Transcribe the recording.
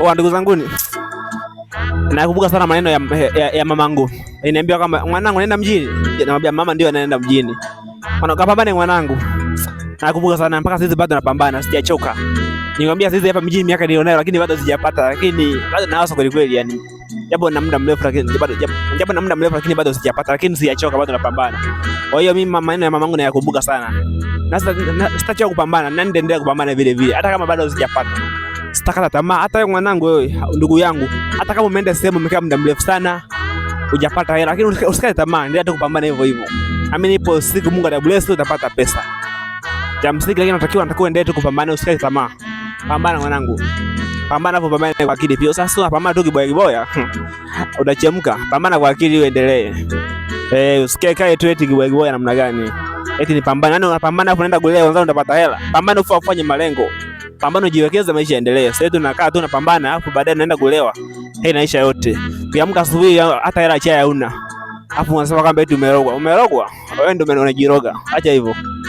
wa ndugu zangu zanguni, nakumbuka sana maneno ya, ya, ya mamangu. Aliniambia kwamba mwanangu, naenda mjini. Namwambia mama, ndio anaenda mjini. Kapambane mwanangu. Nakumbuka sana mpaka sasa bado napambana, sijachoka. Nikwambia sasa hapa mjini miaka nilionayo, lakini bado sijapata, lakini bado nawasa kweli kweli, yani japo na muda mrefu, lakini bado japo na muda mrefu, lakini bado sijapata, lakini sijachoka, bado napambana. Kwa hiyo mimi maneno ya mamangu nayakumbuka sana, na sitachoka kupambana na nitaendelea kupambana vile vile, hata kama bado sijapata utakata tamaa. Hata wewe mwanangu, wewe ndugu yangu, hata kama umeenda sehemu umekaa muda mrefu sana hujapata hela, lakini usikate tamaa, endelea tu kupambana hivyo hivyo. Amini ipo siku Mungu atabless utapata pesa. Cha msingi lakini unatakiwa unatakiwa endelee tu kupambana, usikate tamaa. Pambana mwanangu. Pambana hapo, pambana kwa akili pia. Sasa sio pambana tu kiboya kiboya. Utachemka. Pambana kwa akili uendelee. Eh, usikae kae tu eti kiboya kiboya namna gani? Eti ni pambana. Yaani unapambana hapo unaenda kulea wenzao unapata hela. Pambana ufanye malengo pambano, jiwekeza, maisha yaendelee. Sasa tunakaa tu napambana, afu baadaye naenda kulewa. Hei, naisha yote. Ukiamka asubuhi hata hela chai hauna, afu unasema kwamba eti umerogwa. Umerogwa wewe, ndio unajiroga. Acha hivyo.